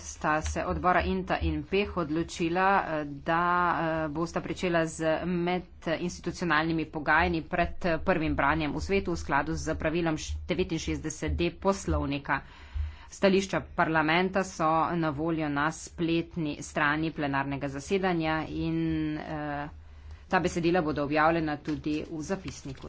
sta se odbora INTA in PEH odločila, da eh, bosta pričela z medinstitucionalnimi pogajanji pred eh, prvim branjem v svetu v skladu z pravilom 69D poslovnika. Stališča parlamenta so na voljo na spletni strani plenarnega zasedanja in eh, ta besedila bodo objavljena tudi v zapisniku.